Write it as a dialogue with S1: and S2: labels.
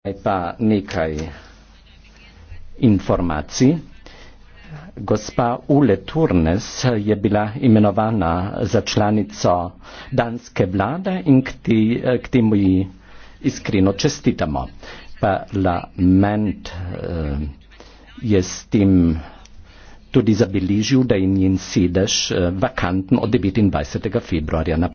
S1: Zdaj pa nekaj informacij. Gospa Ule Turnes je bila imenovana za članico danske vlade in k, ti, k temu ji iskreno čestitamo. Parlament eh, je s tem tudi zabeležil, da je njen sedež eh, vakanten od 29. februarja naprej.